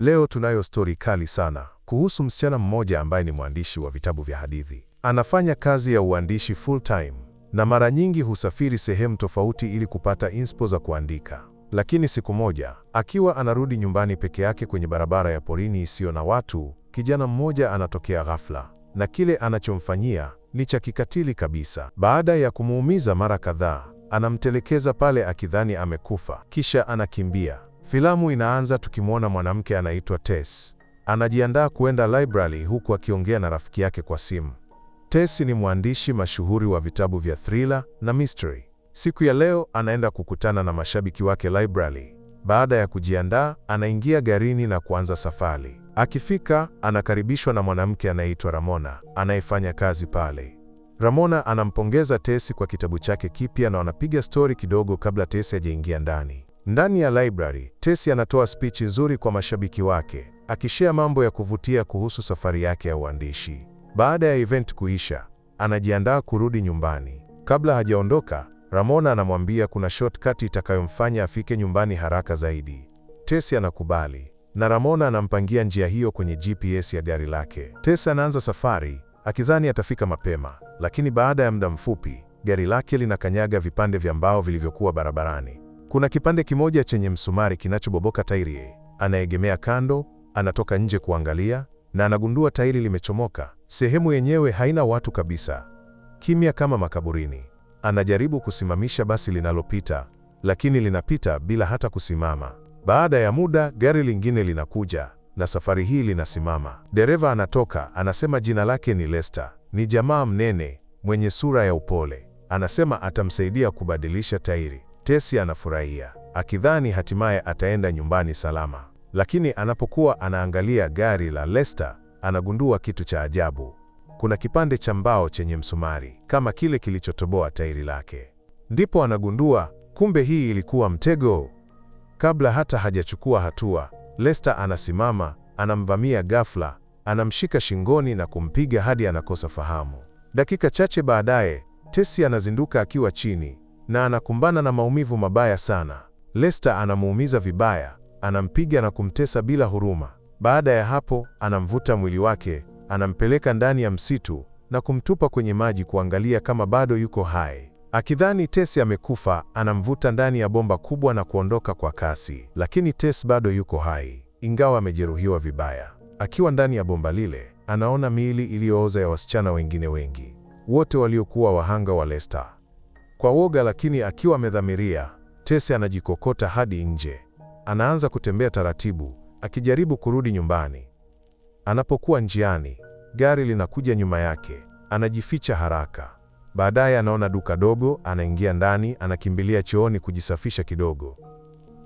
Leo tunayo stori kali sana kuhusu msichana mmoja ambaye ni mwandishi wa vitabu vya hadithi. Anafanya kazi ya uandishi full time na mara nyingi husafiri sehemu tofauti ili kupata inspo za kuandika. Lakini siku moja, akiwa anarudi nyumbani peke yake kwenye barabara ya porini isiyo na watu, kijana mmoja anatokea ghafla, na kile anachomfanyia ni cha kikatili kabisa. Baada ya kumuumiza mara kadhaa, anamtelekeza pale akidhani amekufa, kisha anakimbia Filamu inaanza tukimwona mwanamke anaitwa Tess. Anajiandaa kuenda library huku akiongea na rafiki yake kwa simu. Tess ni mwandishi mashuhuri wa vitabu vya thriller na mystery. Siku ya leo anaenda kukutana na mashabiki wake library. Baada ya kujiandaa, anaingia garini na kuanza safari. Akifika, anakaribishwa na mwanamke anayeitwa Ramona, anayefanya kazi pale. Ramona anampongeza Tess kwa kitabu chake kipya na wanapiga stori kidogo kabla Tess hajaingia ndani. Ndani ya library, Tesi anatoa spichi nzuri kwa mashabiki wake, akishea mambo ya kuvutia kuhusu safari yake ya uandishi. Baada ya event kuisha, anajiandaa kurudi nyumbani. Kabla hajaondoka, Ramona anamwambia kuna shortcut itakayomfanya afike nyumbani haraka zaidi. Tesi anakubali, na Ramona anampangia njia hiyo kwenye GPS ya gari lake. Tesi anaanza safari, akizani atafika mapema, lakini baada ya muda mfupi, gari lake linakanyaga vipande vya mbao vilivyokuwa barabarani. Kuna kipande kimoja chenye msumari kinachoboboka tairi. Anaegemea kando, anatoka nje kuangalia na anagundua tairi limechomoka. Sehemu yenyewe haina watu kabisa, kimya kama makaburini. Anajaribu kusimamisha basi linalopita, lakini linapita bila hata kusimama. Baada ya muda, gari lingine linakuja na safari hii linasimama. Dereva anatoka, anasema jina lake ni Lester. Ni jamaa mnene mwenye sura ya upole, anasema atamsaidia kubadilisha tairi. Tesi anafurahia akidhani hatimaye ataenda nyumbani salama, lakini anapokuwa anaangalia gari la Lester anagundua kitu cha ajabu. Kuna kipande cha mbao chenye msumari kama kile kilichotoboa tairi lake. Ndipo anagundua kumbe hii ilikuwa mtego. Kabla hata hajachukua hatua, Lester anasimama, anamvamia ghafla, anamshika shingoni na kumpiga hadi anakosa fahamu. Dakika chache baadaye, Tesi anazinduka akiwa chini na anakumbana na maumivu mabaya sana. Lester anamuumiza vibaya, anampiga na kumtesa bila huruma. Baada ya hapo, anamvuta mwili wake, anampeleka ndani ya msitu na kumtupa kwenye maji kuangalia kama bado yuko hai. Akidhani Tess amekufa, anamvuta ndani ya bomba kubwa na kuondoka kwa kasi, lakini Tess bado yuko hai, ingawa amejeruhiwa vibaya. Akiwa ndani ya bomba lile, anaona miili iliyooza ya wasichana wengine wengi, wote waliokuwa wahanga wa Lester. Kwa woga lakini akiwa amedhamiria, Tese anajikokota hadi nje. Anaanza kutembea taratibu, akijaribu kurudi nyumbani. Anapokuwa njiani, gari linakuja nyuma yake. Anajificha haraka. Baadaye anaona duka dogo, anaingia ndani, anakimbilia chooni kujisafisha kidogo.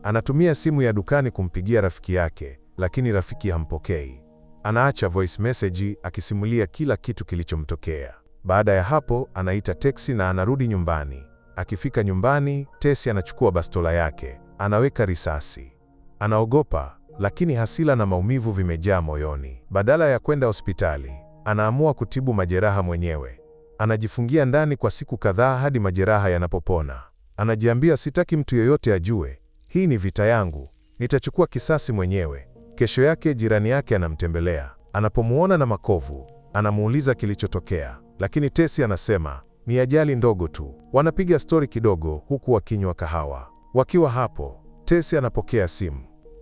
Anatumia simu ya dukani kumpigia rafiki yake, lakini rafiki hampokei. Anaacha voice message akisimulia kila kitu kilichomtokea. Baada ya hapo, anaita teksi na anarudi nyumbani. Akifika nyumbani, Tesi anachukua bastola yake, anaweka risasi. Anaogopa, lakini hasila na maumivu vimejaa moyoni. Badala ya kwenda hospitali, anaamua kutibu majeraha mwenyewe. Anajifungia ndani kwa siku kadhaa hadi majeraha yanapopona. Anajiambia, sitaki mtu yoyote ajue, hii ni vita yangu, nitachukua kisasi mwenyewe. Kesho yake jirani yake anamtembelea. Anapomuona na makovu, anamuuliza kilichotokea lakini Tesi anasema ni ajali ndogo tu. Wanapiga stori kidogo huku wakinywa kahawa. Wakiwa hapo, Tesi anapokea simu.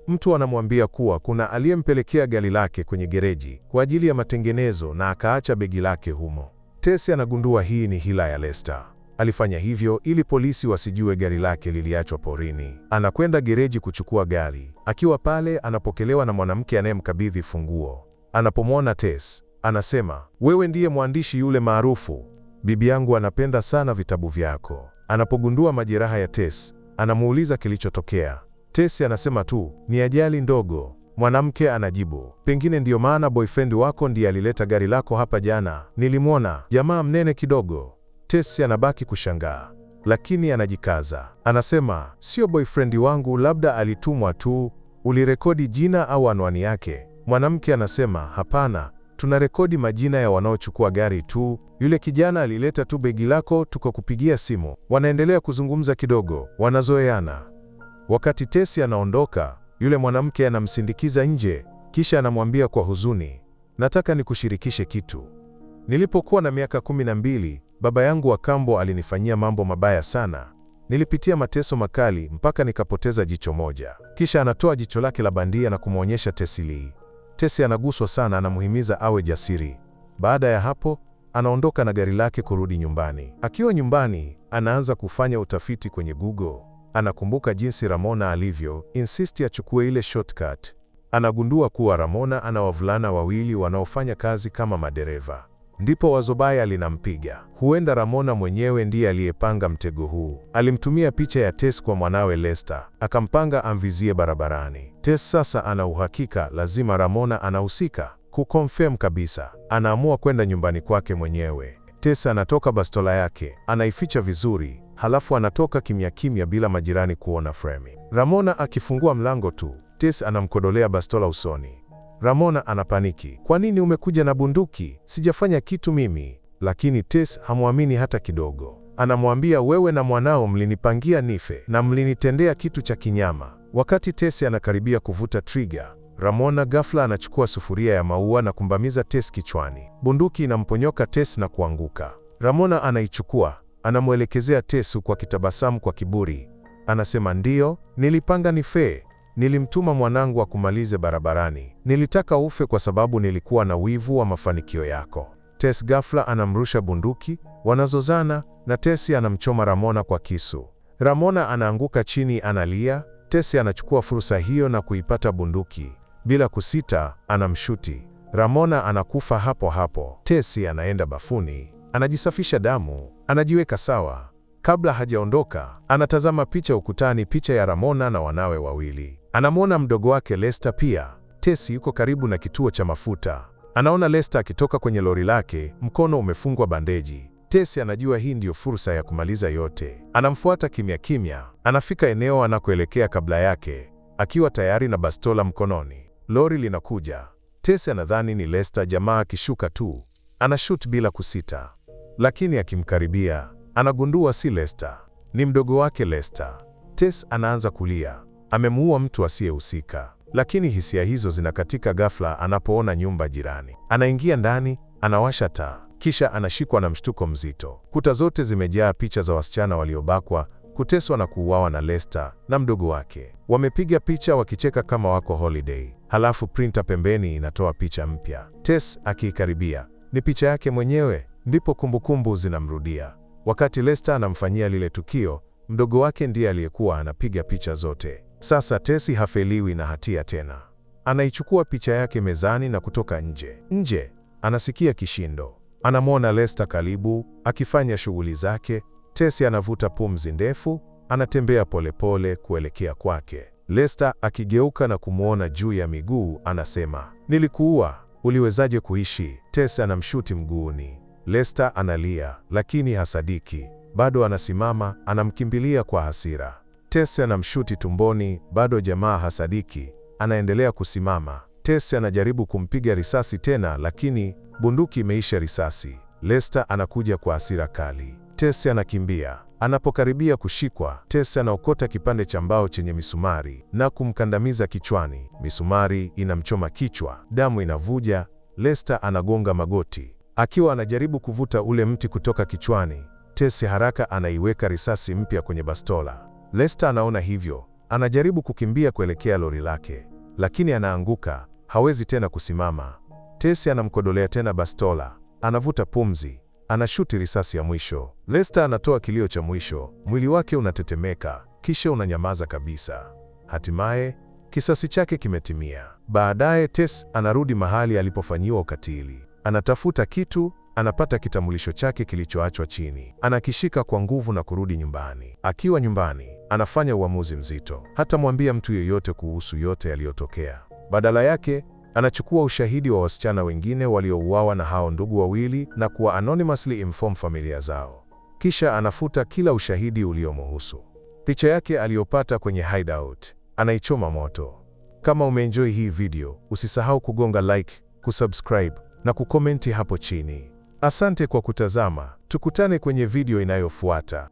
Mtu anamwambia kuwa kuna aliyempelekea gari lake kwenye gereji kwa ajili ya matengenezo na akaacha begi lake humo. Tesi anagundua hii ni hila ya Lester. Alifanya hivyo ili polisi wasijue gari lake liliachwa porini. Anakwenda gereji kuchukua gari. Akiwa pale, anapokelewa na mwanamke anayemkabidhi funguo. Anapomwona Tess, Anasema, wewe ndiye mwandishi yule maarufu, bibi yangu anapenda sana vitabu vyako. Anapogundua majeraha ya Tess, anamuuliza kilichotokea. Tess anasema tu, ni ajali ndogo. Mwanamke anajibu, pengine ndiyo maana boyfriend wako ndiye alileta gari lako hapa jana, nilimwona, jamaa mnene kidogo. Tess anabaki kushangaa, lakini anajikaza. Anasema, sio boyfriend wangu, labda alitumwa tu. Ulirekodi jina au anwani yake? Mwanamke anasema, hapana tunarekodi majina ya wanaochukua gari tu. Yule kijana alileta tu begi lako, tukakupigia simu. Wanaendelea kuzungumza kidogo, wanazoeana. Wakati Tesi anaondoka, yule mwanamke anamsindikiza nje, kisha anamwambia kwa huzuni, nataka nikushirikishe kitu. Nilipokuwa na miaka kumi na mbili, baba yangu wa kambo alinifanyia mambo mabaya sana. Nilipitia mateso makali mpaka nikapoteza jicho moja. Kisha anatoa jicho lake la bandia na kumwonyesha Tesi Lee. Tesi anaguswa sana, anamuhimiza awe jasiri. Baada ya hapo, anaondoka na gari lake kurudi nyumbani. Akiwa nyumbani, anaanza kufanya utafiti kwenye Google. Anakumbuka jinsi Ramona alivyo insisti achukue ile shortcut. Anagundua kuwa Ramona ana wavulana wawili wanaofanya kazi kama madereva. Ndipo baya linampiga. Huenda Ramona mwenyewe ndiye aliyepanga mtego huu. Alimtumia picha ya Tess kwa mwanawe Lester, akampanga amvizie barabarani. Tess sasa ana uhakika lazima Ramona anahusika. Kukonfirm kabisa, anaamua kwenda nyumbani kwake mwenyewe. Tess anatoka bastola yake, anaificha vizuri, halafu anatoka kimya kimya bila majirani kuona. Fremi Ramona akifungua mlango tu, Tess anamkodolea bastola usoni. Ramona anapaniki. Kwa nini umekuja na bunduki? Sijafanya kitu mimi. Lakini Tess hamwamini hata kidogo. Anamwambia wewe na mwanao mlinipangia nife na mlinitendea kitu cha kinyama. Wakati Tess anakaribia kuvuta trigger, Ramona ghafla anachukua sufuria ya maua na kumbamiza Tess kichwani. Bunduki inamponyoka Tess na kuanguka. Ramona anaichukua, anamwelekezea Tess kwa kitabasamu kwa kiburi. Anasema ndiyo, nilipanga nife. Nilimtuma mwanangu akumalize barabarani. Nilitaka ufe kwa sababu nilikuwa na wivu wa mafanikio yako. Tess ghafla anamrusha bunduki, wanazozana na Tesi anamchoma Ramona kwa kisu. Ramona anaanguka chini analia. Tesi anachukua fursa hiyo na kuipata bunduki. Bila kusita, anamshuti. Ramona anakufa hapo hapo. Tesi anaenda bafuni, anajisafisha damu, anajiweka sawa. Kabla hajaondoka, anatazama picha ukutani, picha ya Ramona na wanawe wawili. Anamwona mdogo wake Lester pia. Tesi yuko karibu na kituo cha mafuta. Anaona Lester akitoka kwenye lori lake, mkono umefungwa bandeji. Tesi anajua hii ndiyo fursa ya kumaliza yote. Anamfuata kimya kimya. Anafika eneo anakoelekea kabla yake, akiwa tayari na bastola mkononi. Lori linakuja. Tesi anadhani ni Lester jamaa akishuka tu. Anashut bila kusita. Lakini akimkaribia, anagundua si Lester, ni mdogo wake Lester. Tess anaanza kulia amemuua mtu asiyehusika. Lakini hisia hizo zinakatika ghafla anapoona nyumba jirani. Anaingia ndani, anawasha taa, kisha anashikwa na mshtuko mzito. Kuta zote zimejaa picha za wasichana waliobakwa, kuteswa na kuuawa na Lester na mdogo wake. Wamepiga picha wakicheka kama wako holiday. Halafu printer pembeni inatoa picha mpya. Tess akiikaribia, ni picha yake mwenyewe. Ndipo kumbukumbu zinamrudia. Wakati Lester anamfanyia lile tukio, mdogo wake ndiye aliyekuwa anapiga picha zote. Sasa Tesi hafeliwi na hatia tena. Anaichukua picha yake mezani na kutoka nje. Nje anasikia kishindo, anamwona Lester karibu akifanya shughuli zake. Tesi anavuta pumzi ndefu, anatembea polepole kuelekea kwake. Lester akigeuka na kumwona juu ya miguu, anasema nilikuua, uliwezaje kuishi? Tesi anamshuti mguuni. Lester analia, lakini hasadiki bado. Anasimama, anamkimbilia kwa hasira. Tesi anamshuti tumboni, bado jamaa hasadiki, anaendelea kusimama. tese anajaribu kumpiga risasi tena, lakini bunduki imeisha risasi. Lester anakuja kwa hasira kali. Tesi anakimbia. Anapokaribia kushikwa, tese anaokota kipande cha mbao chenye misumari na kumkandamiza kichwani. Misumari inamchoma kichwa, damu inavuja. Lester anagonga magoti. Akiwa anajaribu kuvuta ule mti kutoka kichwani, Tesi haraka anaiweka risasi mpya kwenye bastola. Lester anaona hivyo, anajaribu kukimbia kuelekea lori lake, lakini anaanguka, hawezi tena kusimama. Tesi anamkodolea tena bastola, anavuta pumzi, anashuti risasi ya mwisho. Lester anatoa kilio cha mwisho, mwili wake unatetemeka, kisha unanyamaza kabisa. Hatimaye kisasi chake kimetimia. Baadaye Tess anarudi mahali alipofanyiwa ukatili, anatafuta kitu anapata kitambulisho chake kilichoachwa chini, anakishika kwa nguvu na kurudi nyumbani. Akiwa nyumbani, anafanya uamuzi mzito, hatamwambia mtu yeyote kuhusu yote yaliyotokea. Badala yake anachukua ushahidi wa wasichana wengine waliouawa na hao ndugu wawili na kuwa anonymously inform familia zao. Kisha anafuta kila ushahidi uliomuhusu Picha yake aliyopata kwenye hideout anaichoma moto. Kama umeenjoy hii video, usisahau kugonga like, kusubscribe na kukomenti hapo chini. Asante kwa kutazama. Tukutane kwenye video inayofuata.